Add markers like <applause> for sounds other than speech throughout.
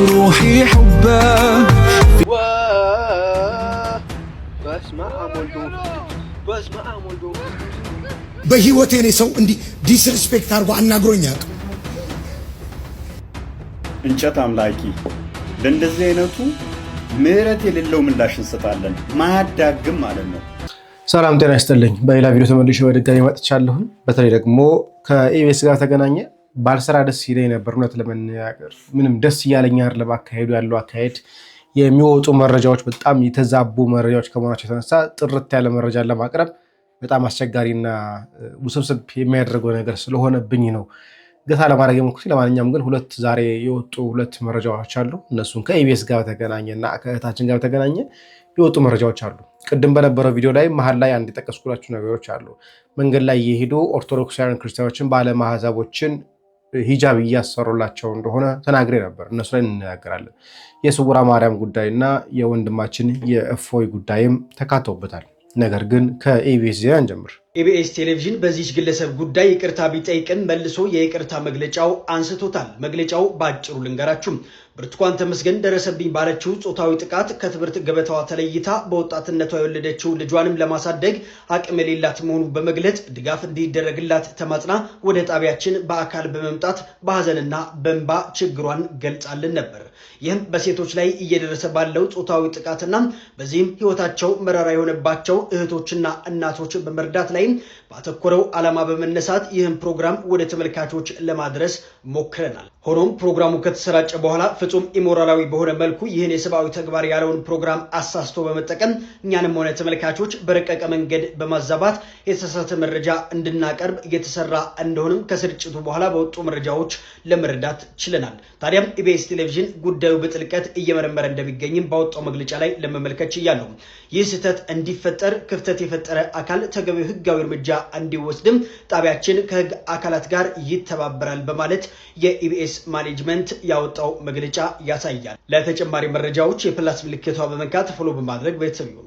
روحي حبه በህይወቴ እኔ ሰው እንዲህ ዲስሪስፔክት አድርጎ አናግሮኝ አያውቅም። እንጨት አምላኪ ለእንደዚህ አይነቱ ምህረት የሌለው ምላሽ እንሰጣለን፣ ማያዳግም ማለት ነው። ሰላም ጤና ይስጥልኝ። በሌላ ቪዲዮ ተመልሼ ወደ ገና መጥቻለሁኝ። በተለይ ደግሞ ከኢቢኤስ ጋር ተገናኘ ባልሰራ ደስ ይለኝ ነበር። እውነት ለመናገር ምንም ደስ እያለኝ አይደለም አካሄዱ ያለው አካሄድ የሚወጡ መረጃዎች በጣም የተዛቡ መረጃዎች ከመሆናቸው የተነሳ ጥርት ያለ መረጃ ለማቅረብ በጣም አስቸጋሪና ውስብስብ የሚያደርገው ነገር ስለሆነብኝ ነው ገታ ለማድረግ የሞክኩት። ለማንኛውም ግን ሁለት ዛሬ የወጡ ሁለት መረጃዎች አሉ። እነሱን ከኢቢኤስ ጋር በተገናኘ እና ከእህታችን ጋር በተገናኘ የወጡ መረጃዎች አሉ። ቅድም በነበረው ቪዲዮ ላይ መሀል ላይ አንድ የጠቀስኩላችሁ ነገሮች አሉ። መንገድ ላይ የሄዱ ኦርቶዶክሳውያን ክርስቲያኖችን ባለማህዛቦችን ሂጃብ እያሰሩላቸው እንደሆነ ተናግሬ ነበር። እነሱ ላይ እንነጋገራለን። የስውራ ማርያም ጉዳይ እና የወንድማችን የእፎይ ጉዳይም ተካተውበታል። ነገር ግን ከኢቢኤስ ዜና እንጀምር። ኢቢኤስ ቴሌቪዥን በዚች ግለሰብ ጉዳይ ይቅርታ ቢጠይቅን መልሶ የይቅርታ መግለጫው አንስቶታል። መግለጫው በአጭሩ ልንገራችሁም ብርቱካን ተመስገን ደረሰብኝ ባለችው ጾታዊ ጥቃት ከትምህርት ገበታዋ ተለይታ በወጣትነቷ የወለደችው ልጇንም ለማሳደግ አቅም የሌላት መሆኑ በመግለጽ ድጋፍ እንዲደረግላት ተማጽና ወደ ጣቢያችን በአካል በመምጣት በሐዘንና በንባ ችግሯን ገልጻልን ነበር። ይህም በሴቶች ላይ እየደረሰ ባለው ጾታዊ ጥቃትና በዚህም ህይወታቸው መራራ የሆነባቸው እህቶችና እናቶች በመርዳት ላይ ባተኮረው ዓላማ በመነሳት ይህም ፕሮግራም ወደ ተመልካቾች ለማድረስ ሞክረናል። ሆኖም ፕሮግራሙ ከተሰራጨ በኋላ ፍጹም ኢሞራላዊ በሆነ መልኩ ይህን የሰብአዊ ተግባር ያለውን ፕሮግራም አሳስቶ በመጠቀም እኛንም ሆነ ተመልካቾች በረቀቀ መንገድ በማዛባት የተሳሳተ መረጃ እንድናቀርብ እየተሰራ እንደሆንም ከስርጭቱ በኋላ በወጡ መረጃዎች ለመረዳት ችለናል። ታዲያም ኢቢኤስ ቴሌቪዥን ጉዳዩ በጥልቀት እየመረመረ እንደሚገኝም ባወጣው መግለጫ ላይ ለመመልከት ችያለሁ። ይህ ስህተት እንዲፈጠር ክፍተት የፈጠረ አካል ተገቢው ህጋዊ እርምጃ እንዲወስድም ጣቢያችን ከህግ አካላት ጋር ይተባበራል በማለት የኢቢኤስ ማኔጅመንት ያወጣው መግለጫ ያሳያል። ለተጨማሪ መረጃዎች የፕላስ ምልክቷ በመንካት ፎሎ በማድረግ ቤተሰብ ይሁኑ።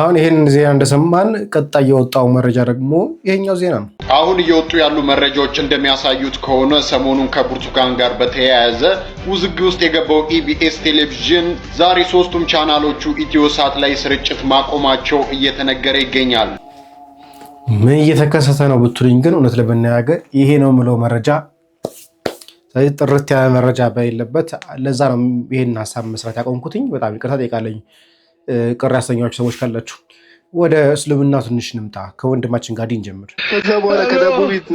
አሁን ይህን ዜና እንደሰማን ቀጣይ የወጣው መረጃ ደግሞ ይሄኛው ዜና ነው። አሁን እየወጡ ያሉ መረጃዎች እንደሚያሳዩት ከሆነ ሰሞኑን ከብርቱካን ጋር በተያያዘ ውዝግብ ውስጥ የገባው ኢቢኤስ ቴሌቪዥን ዛሬ ሶስቱም ቻናሎቹ ኢትዮሳት ላይ ስርጭት ማቆማቸው እየተነገረ ይገኛል። ምን እየተከሰተ ነው ብትሉኝ ግን እውነት ለመናገር ይሄ ነው የምለው መረጃ ስለዚህ ጥርት ያለ መረጃ በሌለበት ለዛ ነው ይህን ሀሳብ መስራት ያቆምኩትኝ። በጣም ይቅርታ ጠይቃለኝ ቅር ያሰኛችሁ ሰዎች ካላችሁ። ወደ እስልምና ትንሽ ንምጣ። ከወንድማችን ጋር ዲን ከዛ በኋላ ከዳቦ ቤት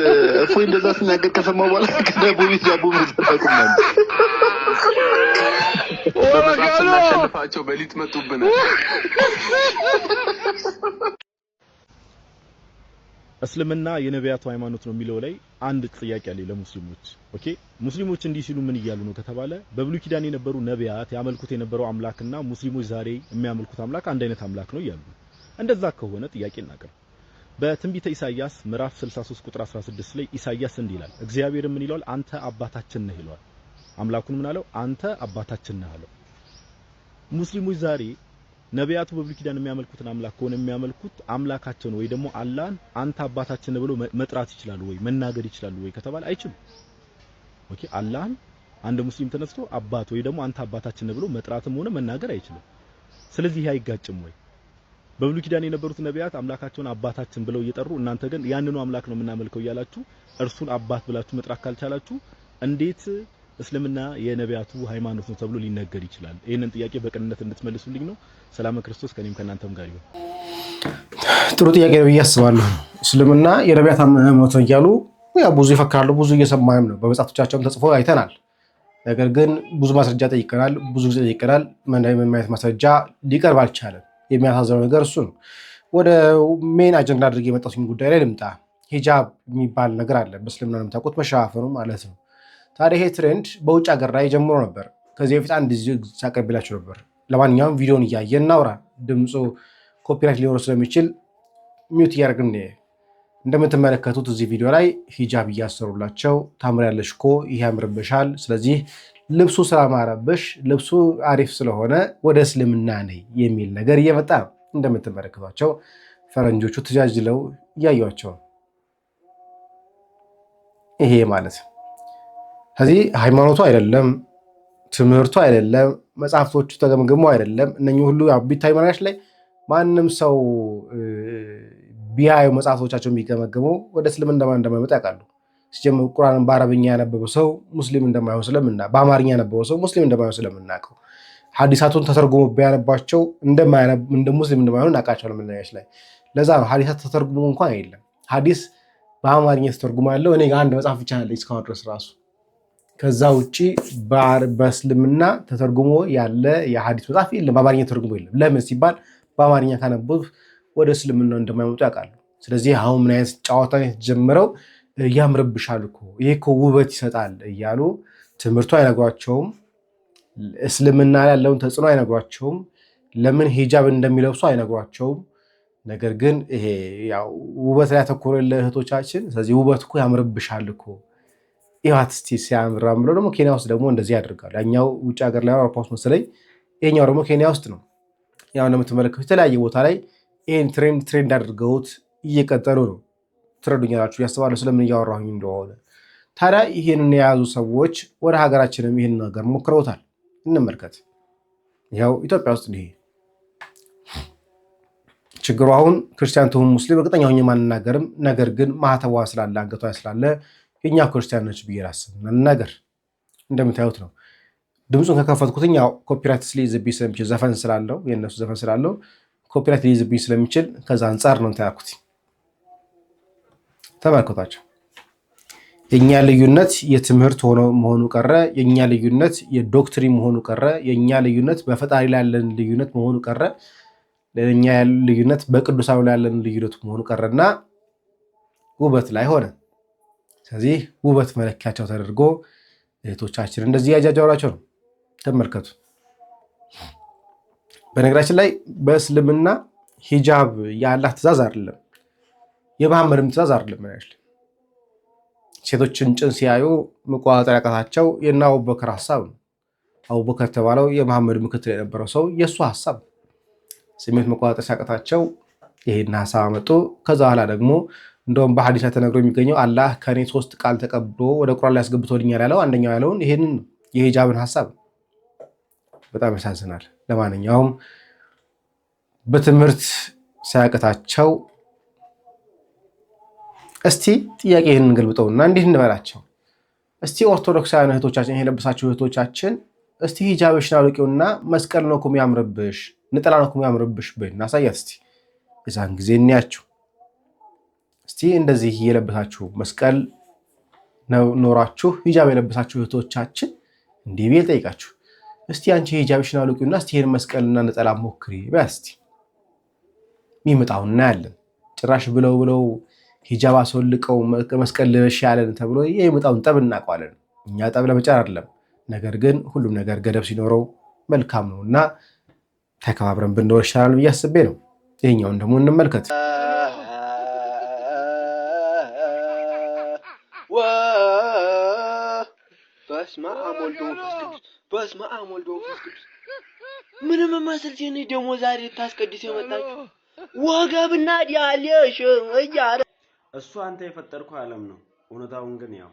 እፎይ እንደዛ ስናገር ከሰማ በኋላ ከዳቦ ቤት ዳቦ ምዘራቁናል በመጽሐፍ በሊጥ መጡብን እስልምና የነቢያቱ ሃይማኖት ነው የሚለው ላይ አንድ ጥያቄ አለ ለሙስሊሞች። ኦኬ ሙስሊሞች እንዲህ ሲሉ ምን እያሉ ነው ከተባለ በብሉይ ኪዳን የነበሩ ነቢያት ያመልኩት የነበረው አምላክና ሙስሊሞች ዛሬ የሚያመልኩት አምላክ አንድ አይነት አምላክ ነው እያሉ እንደዛ ከሆነ ጥያቄ እናቀርብ። በትንቢተ ኢሳይያስ ምዕራፍ 63 ቁጥር 16 ላይ ኢሳይያስ እንዲህ ይላል፣ እግዚአብሔር ምን ይለዋል? አንተ አባታችን ነህ ይለዋል። አምላኩን ምን አለው? አንተ አባታችን ነህ አለው። ሙስሊሞች ዛሬ ነቢያቱ በብሉይ ኪዳን የሚያመልኩትን አምላክ ከሆነ የሚያመልኩት አምላካቸውን ወይ ደግሞ አላህን አንተ አባታችን ብሎ መጥራት ይችላሉ ወይ መናገር ይችላሉ ወይ ከተባለ አይችሉም። ኦኬ አላህን አንድ ሙስሊም ተነስቶ አባት ወይ ደግሞ አንተ አባታችን ብሎ መጥራትም ሆነ መናገር አይችልም። ስለዚህ አይጋጭም ወይ? በብሉይ ኪዳን የነበሩት ነቢያት አምላካቸውን አባታችን ብለው እየጠሩ እናንተ ግን ያንኑ አምላክ ነው የምናመልከው እያላችሁ እርሱን አባት ብላችሁ መጥራት ካልቻላችሁ እንዴት እስልምና የነቢያቱ ሃይማኖት ነው ተብሎ ሊነገር ይችላል። ይህንን ጥያቄ በቅንነት እንድትመልሱልኝ ነው። ሰላም ክርስቶስ ከኔም ከእናንተም ጋር ይሁን። ጥሩ ጥያቄ ነው ብዬ አስባለሁ። እስልምና የነቢያት ሃይማኖት ነው እያሉ ያው ብዙ ይፈክራሉ። ብዙ እየሰማም ነው። በመጽሐፍቶቻቸውም ተጽፎ አይተናል። ነገር ግን ብዙ ማስረጃ ጠይቀናል፣ ብዙ ጊዜ ጠይቀናል። ምንም ማስረጃ ሊቀርብ አልቻለም። የሚያሳዝነው ነገር እሱ ነው። ወደ ሜን አጀንዳ አድርጌ የመጣሁት ጉዳይ ላይ ልምጣ። ሂጃብ የሚባል ነገር አለ በእስልምና እንደምታውቁት መሸፋፈኑ ማለት ነው። ታዲያ ይሄ ትሬንድ በውጭ ሀገር ላይ ጀምሮ ነበር። ከዚህ በፊት አንድ ሳቀብላችሁ ነበር። ለማንኛውም ቪዲዮን እያየ እናውራ። ድምፁ ኮፒራይት ሊኖረው ስለሚችል ሚዩት እያደረግን እንደምትመለከቱት እዚህ ቪዲዮ ላይ ሂጃብ እያሰሩላቸው ያለሽ እኮ ይህ ያምርብሻል፣ ስለዚህ ልብሱ ስላማረብሽ ልብሱ አሪፍ ስለሆነ ወደ እስልምና ነይ የሚል ነገር እየመጣ ነው። እንደምትመለከቷቸው ፈረንጆቹ ተጃጅለው እያዩቸው ይሄ ማለት ከዚህ ሃይማኖቱ አይደለም፣ ትምህርቱ አይደለም፣ መጽሐፍቶቹ ተገምግሞ አይደለም። እነኚህ ሁሉ ቢታዩ መናሽ ላይ ማንም ሰው ቢያዩ መጽሐፍቶቻቸውን ቢገመግሙ ወደ እስልምና እንደማይመጣ ያውቃሉ። ሲጀምር ቁርአንን በአረብኛ ያነበበ ሰው ሙስሊም እንደማይሆን ስለምና በአማርኛ ያነበበ ሰው ሙስሊም እንደማይሆን ስለምናውቀው ሀዲሳቱን ተተርጉሞ ቢያነባቸው እንደ ሙስሊም እንደማይሆን እናውቃቸዋል። ምናያች ላይ ለዛ ነው ሀዲሳት ተተርጉሞ እንኳን የለም። ሀዲስ በአማርኛ ተተርጉሞ ያለው እኔ አንድ መጽሐፍ ብቻ ያለ እስካሁን ድረስ ራሱ ከዛ ውጭ በእስልምና ተተርጉሞ ያለ የሀዲስ መጽሐፍ የለም። በአማርኛ ተርጉሞ የለም። ለምን ሲባል በአማርኛ ካነበቡት ወደ እስልምና እንደማይመጡ ያውቃሉ። ስለዚህ አሁን ምን አይነት ጨዋታ የተጀመረው ያምርብሻል እኮ ይሄ እኮ ውበት ይሰጣል እያሉ ትምህርቱ አይነግሯቸውም። እስልምና ላይ ያለውን ተጽዕኖ አይነግሯቸውም። ለምን ሂጃብ እንደሚለብሱ አይነግሯቸውም። ነገር ግን ይሄ ያው ውበት ላይ ያተኮረ ለእህቶቻችን። ስለዚህ ውበት እኮ ያምርብሻል እኮ ይዋት እስቲ ሲያምራ ብለው ደግሞ ኬንያ ውስጥ ደግሞ እንደዚህ ያደርጋሉ። ያኛው ውጭ ሀገር ላይ አውሮፓ ውስጥ መሰለኝ፣ ይሄኛው ደግሞ ኬንያ ውስጥ ነው። ያው እንደምትመለከቱ የተለያየ ቦታ ላይ ይህን ትሬንድ ትሬንድ አድርገውት እየቀጠሉ ነው። ትረዱኛላችሁ ያስባለሁ ስለምን እያወራሁኝ እንደሆነ። ታዲያ ይህንን የያዙ ሰዎች ወደ ሀገራችንም ይህን ነገር ሞክረውታል። እንመልከት። ያው ኢትዮጵያ ውስጥ ይሄ ችግሩ አሁን ክርስቲያን ትሁን ሙስሊም እርግጠኛ ሆኜ ማንናገርም። ነገር ግን ማህተቧ ስላለ አንገቷ ስላለ የእኛ ክርስቲያን ነች ብዬ ራስብ ነገር እንደምታዩት ነው። ድምፁን ከከፈትኩትኝ ኮፒራይት ሊይዝብኝ ስለሚችል ዘፈን ስላለው የእነሱ ዘፈን ስላለው ኮፒራይት ሊይዝብኝ ስለሚችል ከዛ አንጻር ነው ታያኩት። ተመልከቷቸው። የእኛ ልዩነት የትምህርት ሆኖ መሆኑ ቀረ። የእኛ ልዩነት የዶክትሪን መሆኑ ቀረ። የእኛ ልዩነት በፈጣሪ ላይ ያለን ልዩነት መሆኑ ቀረ። ለእኛ ልዩነት በቅዱሳኑ ላይ ያለን ልዩነት መሆኑ ቀረ እና ውበት ላይ ሆነ። ስለዚህ ውበት መለኪያቸው ተደርጎ እህቶቻችን እንደዚህ ያጃጃራቸው ነው። ተመልከቱ። በነገራችን ላይ በእስልምና ሂጃብ የአላህ ትእዛዝ አይደለም፣ የመሐመድም ትእዛዝ አይደለም። ሴቶችን ጭን ሲያዩ መቆጣጠር ያቃታቸው የእነ አቡበከር ሀሳብ ነው። አቡበከር የተባለው የመሐመድ ምክትል የነበረው ሰው የእሱ ሀሳብ ስሜት መቆጣጠር ሲያቀታቸው ይሄን ሀሳብ አመጡ። ከዛ በኋላ ደግሞ እንደውም በሀዲስ ላይ ተነግሮ የሚገኘው አላህ ከእኔ ሶስት ቃል ተቀብሎ ወደ ቁራን ላይ ያስገብቶልኛል ያለው አንደኛው ያለውን ይሄንን የሂጃብን ሀሳብ በጣም ያሳዝናል። ለማንኛውም በትምህርት ሳያቅታቸው እስቲ ጥያቄ ይህን እና እንዲህ እንበላቸው እስቲ ኦርቶዶክሳውያን እህቶቻችን ይሄ ለብሳችሁ እህቶቻችን እስቲ ሂጃብሽን አውልቂውና መስቀል ነው እኮ የሚያምርብሽ፣ ንጠላ ነው እኮ የሚያምርብሽ ብን አሳያት እስቲ የዛን ጊዜ እንያቸው። እስቲ እንደዚህ የለበሳችሁ መስቀል ኖራችሁ ሂጃብ የለበሳችሁ እህቶቻችን እንዲህ ብዬ ልጠይቃችሁ። እስቲ አንቺ ሂጃብሽን አውልቂውና እስቲ ይህን መስቀልና ነጠላ ሞክሪ በያ እስቲ የሚመጣውን እናያለን። ጭራሽ ብለው ብለው ሂጃብ አስወልቀው መስቀል ልበሽ ያለን ተብሎ የሚመጣውን ጠብ እናውቀዋለን። እኛ ጠብ ለመጫር አይደለም፣ ነገር ግን ሁሉም ነገር ገደብ ሲኖረው መልካም ነው እና ተከባብረን ብንኖር ይሻላል ብዬ አስቤ ነው። ይህኛውን ደግሞ እንመልከት። በስመ አብ ወልድ ወመንፈስ ቅዱስ፣ በስመ አብ ወልድ ወመንፈስ ቅዱስ። ምንም መስል ሲኒ ደግሞ ዛሬ ልታስቀድስ የመጣችሁ ወገብና ዲያለሽ እያረ እሱ አንተ የፈጠርኩ ዓለም ነው። እውነታውን ግን ያው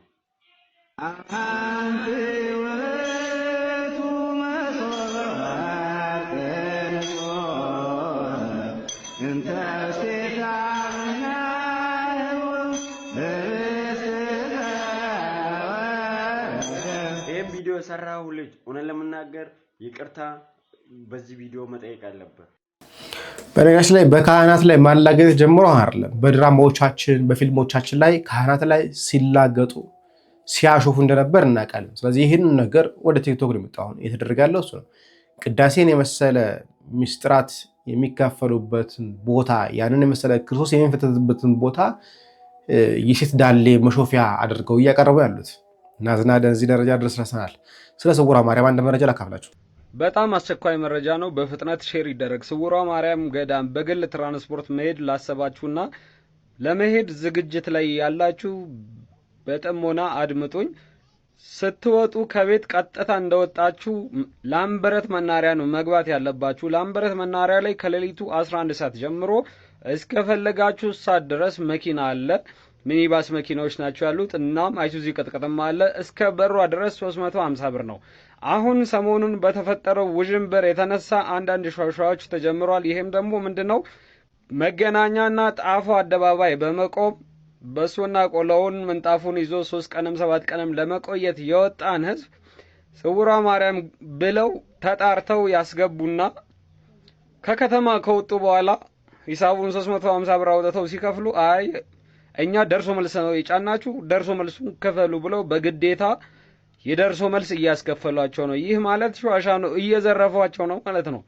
እንተ የሰራው ልጅ እውነት ለመናገር ይቅርታ በዚህ ቪዲዮ መጠየቅ አለበት። በነገራችን ላይ በካህናት ላይ ማላገጥ ጀምሮ አይደለም። በድራማዎቻችን በፊልሞቻችን ላይ ካህናት ላይ ሲላገጡ ሲያሾፉ እንደነበር እናውቃለን። ስለዚህ ይህን ነገር ወደ ቲክቶክ ነው የመጣው። እየተደረገ ያለው እሱ ነው። ቅዳሴን የመሰለ ሚስጥራት የሚካፈሉበትን ቦታ ያንን የመሰለ ክርስቶስ የሚፈተትበትን ቦታ የሴት ዳሌ መሾፊያ አድርገው እያቀረቡ ያሉት እናዝና ለዚህ ደረጃ ድረስ ረሰናል። ስለ ስውሯ ማርያም አንድ መረጃ ላካፍላችሁ። በጣም አስቸኳይ መረጃ ነው፣ በፍጥነት ሼር ይደረግ። ስውሯ ማርያም ገዳም በግል ትራንስፖርት መሄድ ላሰባችሁና ለመሄድ ዝግጅት ላይ ያላችሁ በጥሞና አድምጡኝ። ስትወጡ ከቤት ቀጥታ እንደወጣችሁ ላምበረት መናሪያ ነው መግባት ያለባችሁ። ላምበረት መናሪያ ላይ ከሌሊቱ 11 ሰዓት ጀምሮ እስከፈለጋችሁ ሰዓት ድረስ መኪና አለ። ሚኒባስ መኪናዎች ናቸው ያሉት። እናም አይሱዚ ቅጥቅጥም አለ። እስከ በሯ ድረስ 350 ብር ነው። አሁን ሰሞኑን በተፈጠረው ውዥንብር የተነሳ አንዳንድ ሸዋሸዋዎች ተጀምሯል። ይሄም ደግሞ ምንድን ነው መገናኛና ጣፎ አደባባይ በመቆም በሱና ቆሎውን ምንጣፉን ይዞ ሶስት ቀንም ሰባት ቀንም ለመቆየት የወጣን ህዝብ ስውሯ ማርያም ብለው ተጣርተው ያስገቡና ከከተማ ከወጡ በኋላ ሂሳቡን 350 ብር አውጥተው ሲከፍሉ አይ እኛ ደርሶ መልስ ነው የጫናችሁ፣ ደርሶ መልሱን ክፈሉ ብለው በግዴታ የደርሶ መልስ እያስከፈሏቸው ነው። ይህ ማለት ሸዋሻ ነው፣ እየዘረፏቸው ነው ማለት ነው።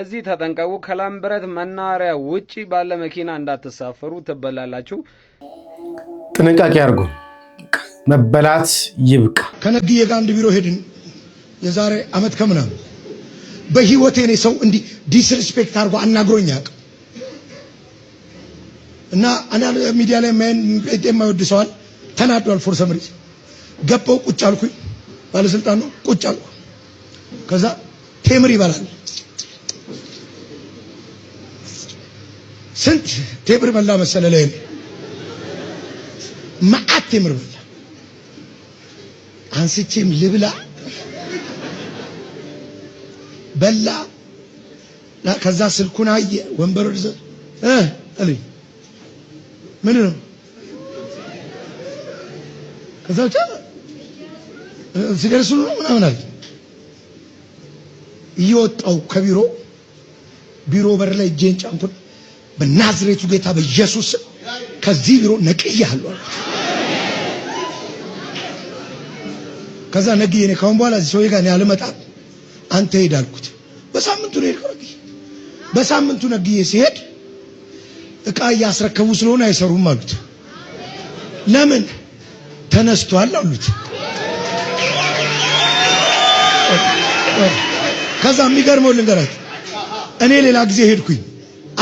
እዚህ ተጠንቀቁ። ከላም ብረት መናኸሪያ ውጪ ባለ መኪና እንዳትሳፈሩ ትበላላችሁ። ጥንቃቄ አድርጉ። መበላት ይብቃ። ከነግዬ ጋር አንድ ቢሮ ሄድን የዛሬ አመት ከምናምን። በህይወቴ እኔ ሰው እንዲህ ዲስሪስፔክት አድርጎ አናግሮኝ አያውቅም። እና አንዳንድ ሚዲያ ላይ ማይን የማይወድ ሰዋል ተናዷል። ፎር ሰምሪዝ ገባው ቁጭ አልኩኝ። ባለስልጣን ነው ቁጭ አልኩ። ከዛ ቴምር ይበላል። ስንት ቴምር በላ መሰለ ላይ መዓት ቴምር በላ። አንስቼም ልብላ በላ። ከዛ ስልኩን አየ ወንበር ድረስ እ አለኝ ምን ነው ከዛ ብቻ ሲደርሱ ነው ምናምን አለ። እየወጣው ከቢሮ ቢሮ በር ላይ እጄን ጫንኩን። በናዝሬቱ ጌታ በኢየሱስ ከዚህ ቢሮ ነቅያለሁ። ከዛ ነግዬ እኔ ካሁን በኋላ እዚህ ሰውዬ ጋር እኔ አልመጣም፣ አንተ ሄድ አልኩት። በሳምንቱ ነው የሄድከው። በሳምንቱ ነግዬ ሲሄድ እቃ እያስረከቡ ስለሆነ አይሰሩም አሉት። ለምን ተነስቷል አሉት። ከዛ የሚገርመው ልንገራት፣ እኔ ሌላ ጊዜ ሄድኩኝ።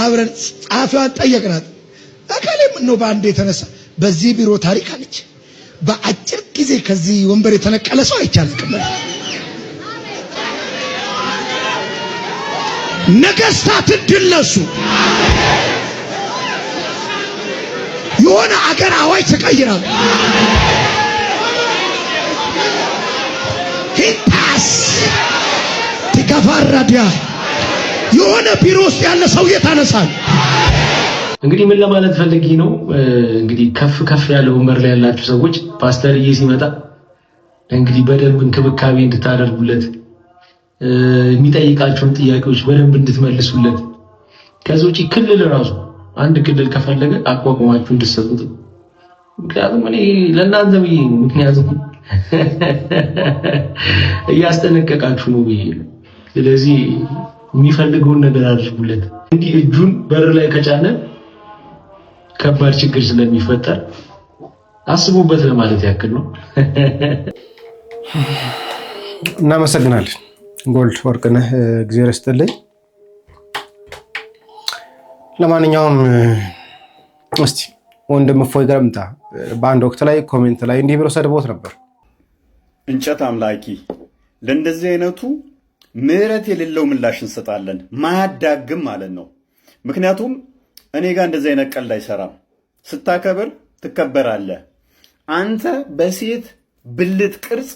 አብረን ጸሐፊዋን ጠየቅናት። እከሌ ነው በአንድ የተነሳ በዚህ ቢሮ ታሪክ አለች። በአጭር ጊዜ ከዚህ ወንበር የተነቀለ ሰው አይቻልም። ነገስታት ድል ነሱ። የሆነ አገር አዋጅ ተቀይራል። ሂታስ ትከፋረዲያ የሆነ ቢሮ ውስጥ ያለ ሰውዬ ታነሳል። እንግዲህ ምን ለማለት ፈልጊ ነው? እንግዲህ ከፍ ከፍ ያለ ወንበር ላይ ያላችሁ ሰዎች ፓስተርዬ ሲመጣ እንግዲህ በደንብ እንክብካቤ እንድታደርጉለት የሚጠይቃቸውን ጥያቄዎች በደንብ እንድትመልሱለት ከዚህ ውጭ ክልል ራሱ አንድ ክልል ከፈለገ አቋቋማችሁ እንድትሰጡት። ምክንያቱም እኔ ለእናንተ ብዬ ምክንያቱም <laughs> እያስጠነቀቃችሁ ነው ብዬ። ስለዚህ የሚፈልገውን ነገር አድርጉለት። እንዲህ እጁን በር ላይ ከጫነ ከባድ ችግር ስለሚፈጠር አስቡበት ለማለት ያክል ነው። <laughs> እናመሰግናለን። ጎልድ ወርቅነህ ጊዜ ረስጥልኝ። ለማንኛውም እስቲ ወንድም እፎይ ጋር በአንድ ወቅት ላይ ኮሜንት ላይ እንዲህ ብሎ ሰድቦት ነበር። እንጨት አምላኪ ለእንደዚህ አይነቱ ምሕረት የሌለው ምላሽ እንሰጣለን፣ ማያዳግም ማለት ነው። ምክንያቱም እኔ ጋር እንደዚህ አይነት ቀልድ አይሰራም። ስታከብር ትከበራለህ። አንተ በሴት ብልት ቅርጽ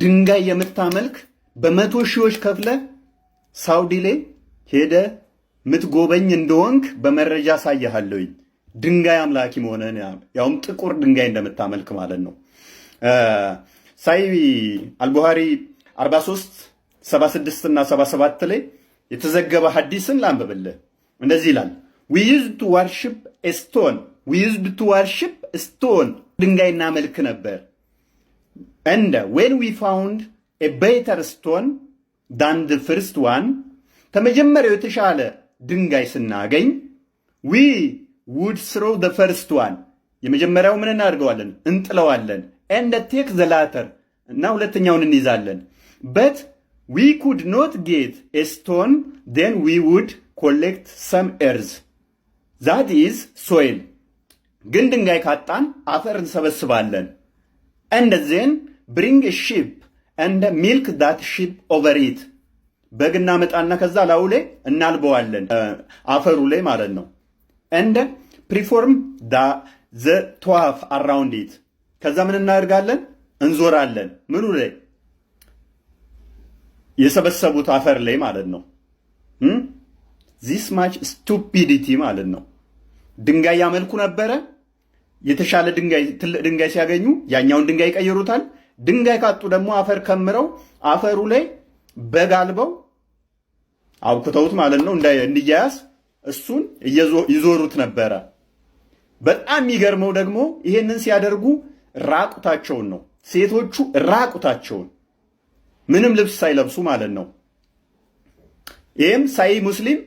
ድንጋይ የምታመልክ በመቶ ሺዎች ከፍለ ሳውዲ ላይ ሄደ ምትጎበኝ እንደሆንክ በመረጃ አሳይሃለሁኝ። ድንጋይ አምላኪ መሆንህን ያውም ጥቁር ድንጋይ እንደምታመልክ ማለት ነው። ሳይ አልቡሃሪ 43 76 እና 77 ላይ የተዘገበ ሐዲስን ላንብብልህ። እንደዚህ ይላል ቱ ዋርሺፕ ስቶን ዊዝድ ቱ ዋርሺፕ ስቶን ድንጋይ እናመልክ ነበር። እንደ ዌን ዊ ፋውንድ ኤ ቤተር ስቶን ዳን ፍርስት ዋን ከመጀመሪያው የተሻለ ድንጋይ ስናገኝ ዊ ውድ ስሮ ደ ፈርስት ዋን የመጀመሪያው ምን እናደርገዋለን? እንጥለዋለን። ኤንድ ቴክ ዘ ላተር እና ሁለተኛውን እንይዛለን። በት ዊ ኩድ ኖት ጌት ስቶን ን ዊ ውድ ኮሌክት ሰም ኤርዝ ዛት ኢዝ ሶይል። ግን ድንጋይ ካጣን አፈር እንሰበስባለን። ኤንድ ዜን ብሪንግ ሺፕ ኤንድ ሚልክ ዳት ሺፕ ኦቨር ኢት በግና መጣና ከዛ ላዩ ላይ እናልበዋለን፣ አፈሩ ላይ ማለት ነው። እንደ ፕሪፎርም ዘ ተዋፍ አራውንድ ኢት ከዛ ምን እናደርጋለን? እንዞራለን። ምኑ ላይ የሰበሰቡት አፈር ላይ ማለት ነው። ዚስ ማች ስቱፒዲቲ ማለት ነው። ድንጋይ ያመልኩ ነበረ። የተሻለ ድንጋይ ትልቅ ድንጋይ ሲያገኙ ያኛውን ድንጋይ ይቀይሩታል። ድንጋይ ካጡ ደግሞ አፈር ከምረው አፈሩ ላይ በጋልበው አልበው ማለት ነው እንዲያያዝ እሱን ይዞሩት ነበረ። በጣም የሚገርመው ደግሞ ይሄንን ሲያደርጉ ራቁታቸውን ነው ሴቶቹ፣ ራቁታቸውን ምንም ልብስ ሳይለብሱ ማለት ነው። ይህም ሳይ ሙስሊም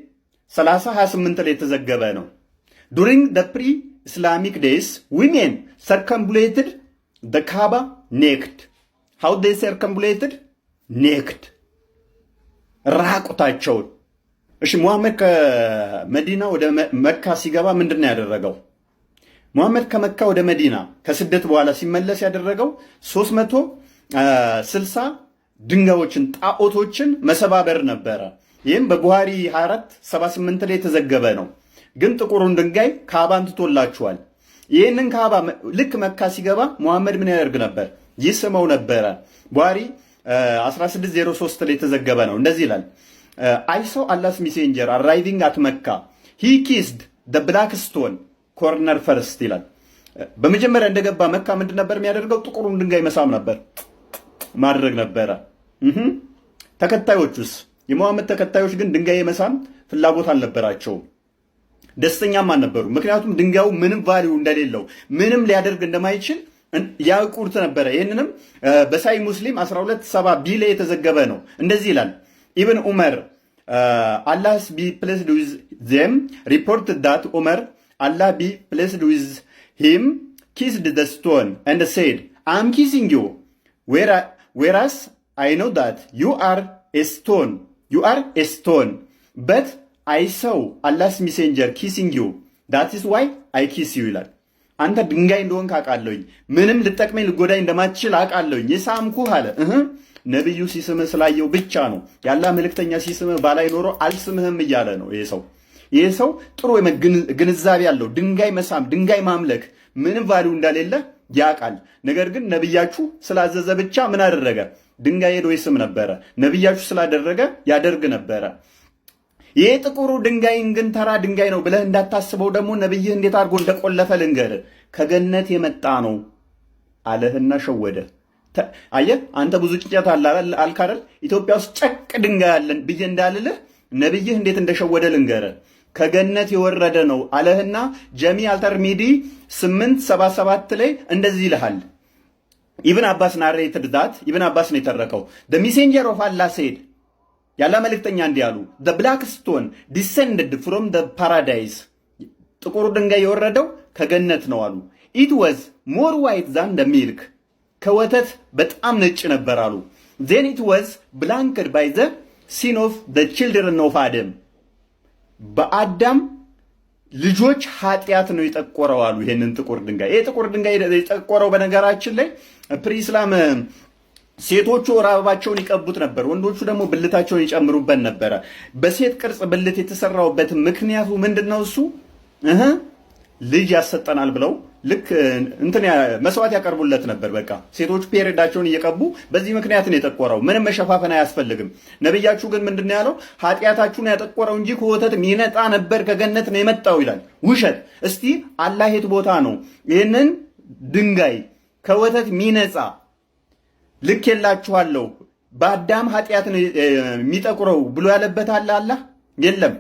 3028 ላይ የተዘገበ ነው። ዱሪንግ ደ ፕሪ ኢስላሚክ ዴይስ ዊሜን ሰርከምቡሌትድ ደ ካባ ኔክድ ሃው ዴይ ሰርከምቡሌትድ ኔክድ ራቁታቸውን። እሺ ሙሐመድ ከመዲና ወደ መካ ሲገባ ምንድን ነው ያደረገው? ሙሐመድ ከመካ ወደ መዲና ከስደት በኋላ ሲመለስ ያደረገው 360 ድንጋዮችን ጣዖቶችን መሰባበር ነበረ። ይህም በቡሃሪ 24 78 ላይ የተዘገበ ነው። ግን ጥቁሩን ድንጋይ ካባን ትቶላችኋል። ይህንን ካባ ልክ መካ ሲገባ ሙሐመድ ምን ያደርግ ነበር? ይስመው ነበረ። ቡሃሪ 1603 ላይ የተዘገበ ነው። እንደዚህ ይላል አይ ሰው አላስ ሜሴንጀር አራይቪንግ አት መካ ሂ ኪስድ ብላክ ስቶን ኮርነር ፈርስት ይላል። በመጀመሪያ እንደገባ መካ ምንድን ነበር የሚያደርገው? ጥቁሩን ድንጋይ መሳም ነበር ማድረግ ነበረ። ተከታዮቹስ የመሐመድ ተከታዮች ግን ድንጋይ መሳም ፍላጎት አልነበራቸውም፣ ደስተኛም አልነበሩ። ምክንያቱም ድንጋዩ ምንም ቫሊዩ እንደሌለው ምንም ሊያደርግ እንደማይችል ያቁርት ነበረ። ይህንንም በሳይ ሙስሊም 127 ቢ ላይ የተዘገበ ነው። እንደዚህ ይላል ኢብን ዑመር አላህ ቢ ፕሌስድ ዊዝ ዜም ሪፖርት ዳት ዑመር አላህ ቢ ፕሌስድ ዊዝ ሂም ኪስድ ደ ስቶን ኤንድ ሴድ አም ኪሲንግ ዩ ዌራስ አይ ኖ ዳት ዩ አር ኤስቶን ዩ አር ኤስቶን በት አይ ሰው አላስ ሚሴንጀር ኪሲንግ ዩ ዳትስ ዋይ አይ ኪስ ዩ ይላል። አንተ ድንጋይ እንደሆን አውቃለሁኝ። ምንም ልጠቅመኝ ልጎዳኝ እንደማትችል አውቃለሁኝ። የሳምኩህ አለ እ ነቢዩ ሲስምህ ስላየው ብቻ ነው። ያላ መልእክተኛ ሲስምህ ባላይ ኖሮ አልስምህም እያለ ነው ይሄ ሰው። ይሄ ሰው ጥሩ ግንዛቤ ያለው ድንጋይ መሳም፣ ድንጋይ ማምለክ ምንም ቫሊው እንደሌለ ያውቃል። ነገር ግን ነቢያችሁ ስላዘዘ ብቻ ምን አደረገ? ድንጋይ ሄዶ ይስም ነበረ። ነቢያችሁ ስላደረገ ያደርግ ነበረ። ይህ ጥቁሩ ድንጋይን ግን ተራ ድንጋይ ነው ብለህ እንዳታስበው ደግሞ ነቢይህ እንዴት አድርጎ እንደቆለፈ ልንገር። ከገነት የመጣ ነው አለህና ሸወደ። አየህ አንተ ብዙ ጭንጨት አልክ አይደል? ኢትዮጵያ ውስጥ ጨቅ ድንጋይ አለን ብዬ እንዳልልህ ነቢይህ እንዴት እንደሸወደ ልንገር። ከገነት የወረደ ነው አለህና ጀሚ አልተርሚዲ 877 ላይ እንደዚህ ይልሃል። ኢብን አባስ ናሬትድ ዳት ኢብን አባስ ነው የተረከው። ሜሴንጀር ኦፍ አላህ ሴድ ያለ መልእክተኛ እንዲህ አሉ፣ ዘ ብላክ ስቶን ዲሰንድድ ፍሮም ዘ ፓራዳይስ ጥቁሩ ድንጋይ የወረደው ከገነት ነው አሉ። ኢት ወዝ ሞር ዋይት ዛን ደ ሚልክ ከወተት በጣም ነጭ ነበር አሉ። ዜን ኢት ወዝ ብላንክድ ባይ ዘ ሲን ኦፍ ዘ ቺልድረን ኦፍ አደም በአዳም ልጆች ኃጢአት ነው የጠቆረው አሉ። ይህንን ጥቁር ድንጋይ ይህ ጥቁር ድንጋይ የጠቆረው በነገራችን ላይ ፕሪስላም ሴቶቹ ወር አበባቸውን ይቀቡት ነበር፣ ወንዶቹ ደግሞ ብልታቸውን ይጨምሩበት ነበረ። በሴት ቅርጽ ብልት የተሰራውበት ምክንያቱ ምንድን ነው? እሱ ልጅ ያሰጠናል ብለው ልክ እንትን መስዋዕት ያቀርቡለት ነበር። በቃ ሴቶቹ ፔሬዳቸውን እየቀቡ በዚህ ምክንያት ነው የጠቆረው። ምንም መሸፋፈን አያስፈልግም። ነብያችሁ ግን ምንድን ነው ያለው? ኃጢአታችሁን ያጠቆረው እንጂ ከወተት ሚነጣ ነበር ከገነት ነው የመጣው ይላል። ውሸት። እስቲ አላህ የት ቦታ ነው ይህንን ድንጋይ ከወተት ሚነጻ ልክ የላችኋለሁ በአዳም ኃጢአትን የሚጠቁረው ብሎ ያለበት አለ የለም።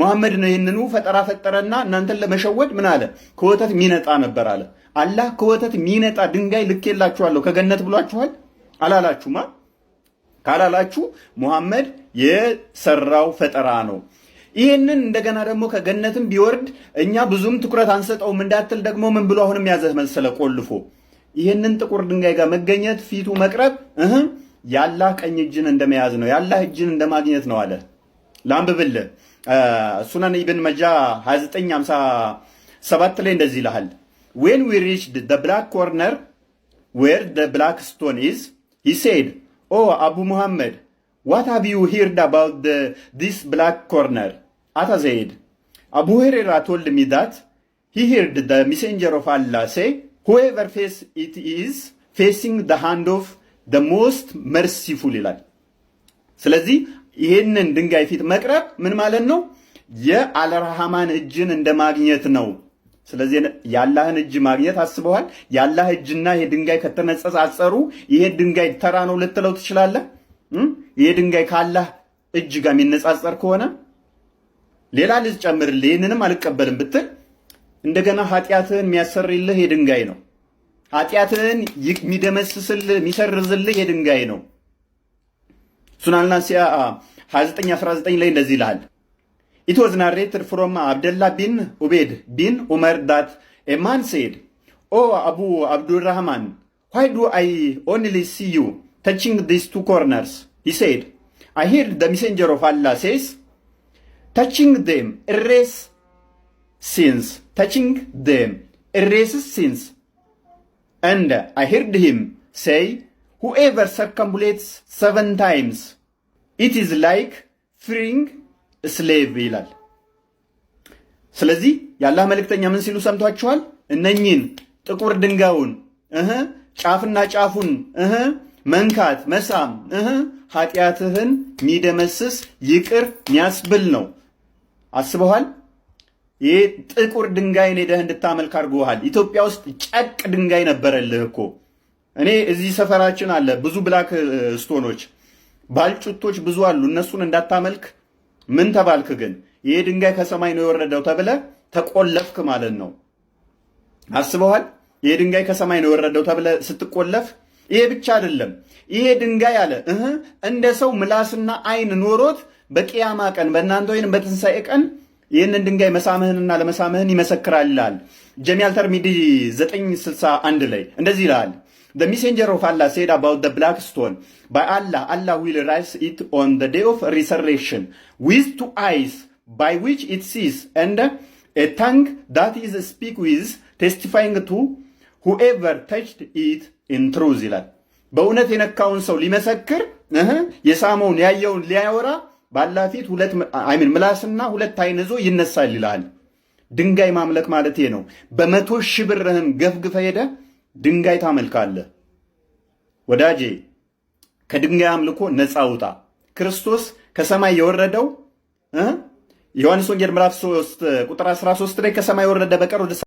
መሐመድ ነው ይህንኑ ፈጠራ ፈጠረና እናንተን ለመሸወድ ምን አለ? ከወተት ሚነጣ ነበር አለ አላህ። ከወተት ሚነጣ ድንጋይ ልክ የላችኋለሁ ከገነት ብሏችኋል አላላችሁማ። ካላላችሁ ሙሐመድ የሰራው ፈጠራ ነው። ይህንን እንደገና ደግሞ ከገነትም ቢወርድ እኛ ብዙም ትኩረት አንሰጠውም እንዳትል ደግሞ ምን ብሎ አሁንም ያዘ መሰለ ቆልፎ ይህንን ጥቁር ድንጋይ ጋር መገኘት ፊቱ መቅረብ እህ ያላህ ቀኝ እጅን እንደመያዝ ነው፣ ያላህ እጅን እንደማግኘት ነው አለ። ላንብብል ሱነን ኢብን መጃ 2957 ላይ እንደዚህ ይልሃል። ዌን ዊ ሪችድ ደ ብላክ ኮርነር ዌር ደ ብላክ ስቶን ኢዝ ሂ ሴድ ኦ አቡ ሙሐመድ ዋት ሃቭ ዩ ሂርድ አባውት ዲስ ብላክ ኮርነር አታ ዘይድ አቡ ሁሬራ ቶልድ ሚ ዳት ሂ ሂርድ ደ ሜሴንጀር ኦፍ አላህ ሴ ሁኤቨር ፌስ ኢት ኢዝ ፌሲንግ ደ ሃንድ ኦፍ ደ ሞስት መርሲፉል ይላል። ስለዚህ ይሄንን ድንጋይ ፊት መቅረብ ምን ማለት ነው? የአልረሃማን እጅን እንደ ማግኘት ነው። ስለዚህ የአላህን እጅ ማግኘት አስበዋል። የአላህ እጅና ይሄ ድንጋይ ከተነጻጸሩ ይሄ ድንጋይ ተራ ነው ልትለው ትችላለህ። ይሄ ድንጋይ ከአላህ እጅ ጋር የሚነጻጸር ከሆነ ሌላ ልጅ ጨምርልህ፣ ይህንንም አልቀበልም ብትል እንደገና ኃጢአትህን የሚያሰርልህ የድንጋይ ነው። ኃጢአትህን የሚደመስስልህ የሚሰርዝልህ የድንጋይ ነው። ሱናን 2919 ላይ እንደዚህ ይልሃል። ኢት ዋዝ ናሬትድ ፍሮም አብደላ ቢን ኡቤድ ቢን ኡመር ዳት ኤማን ሴድ ኦ አቡ አብዱራህማን ዋይ ዱ አይ ኦንሊ ሲ ዩ ተችንግ ዲስ ቱ ኮርነርስ ሂ ሴድ አይ ደ ኦፍ አላ ሴስ ተችንግ ዴም እሬስ ሲንስ ተችንግ ዴም ኢሬስስ ሲንስ እንደ አይ ሄርድ ሂም ሴይ ሁኤቨር ሰርከምቡሌትስ ሰቨን ታይምስ ኢት ኢዝ ላይክ ፍሪንግ ስሌቭ ይላል። ስለዚህ የአላህ መልእክተኛ ምን ሲሉ ሰምቷችኋል? እነኚህን ጥቁር ድንጋዩን እህ ጫፍና ጫፉን እህ መንካት መሳም እህ ኃጢአትህን ሚደመስስ ይቅር ሚያስብል ነው። አስበኋል። ይህ ጥቁር ድንጋይ ሄደህ እንድታመልክ አድርጎሃል። ኢትዮጵያ ውስጥ ጨቅ ድንጋይ ነበረልህ እኮ። እኔ እዚህ ሰፈራችን አለ ብዙ ብላክ ስቶኖች፣ uh, ባልጩቶች ብዙ አሉ። እነሱን እንዳታመልክ ምን ተባልክ? ግን ይሄ ድንጋይ ከሰማይ ነው የወረደው ተብለ ተቆለፍክ ማለት ነው። አስበዋል? ይሄ ድንጋይ ከሰማይ ነው የወረደው ተብለ ስትቆለፍ ይሄ ብቻ አይደለም። ይሄ ድንጋይ አለ እንደ ሰው ምላስና አይን ኖሮት በቅያማ ቀን በእናንተ ወይም በትንሣኤ ቀን ይህንን ድንጋይ መሳምህንና ለመሳምህን ይመሰክራል ይላል። ጀሚያል ተርሚዲ 961 ላይ እንደዚህ ይላል። The messenger of Allah said about the black stone, by Allah, Allah will raise it on the day of resurrection with two eyes by which it sees and a tongue that is speak with testifying to whoever touched it in truth ይላል። በእውነት የነካውን ሰው ሊመሰክር የሳመውን ያየውን ሊያወራ ባላፊት ሁለት አይምን ምላስና ሁለት አይን ይዞ ይነሳል ይልሃል። ድንጋይ ማምለክ ማለት ነው። በመቶ ሺህ ብርህን ገፍግፈ ሄደ ድንጋይ ታመልካለህ። ወዳጄ ከድንጋይ አምልኮ ነፃ ውጣ። ክርስቶስ ከሰማይ የወረደው ዮሐንስ ወንጌል ምዕራፍ 3 ቁጥር 13 ላይ ከሰማይ የወረደ በቀር ወደ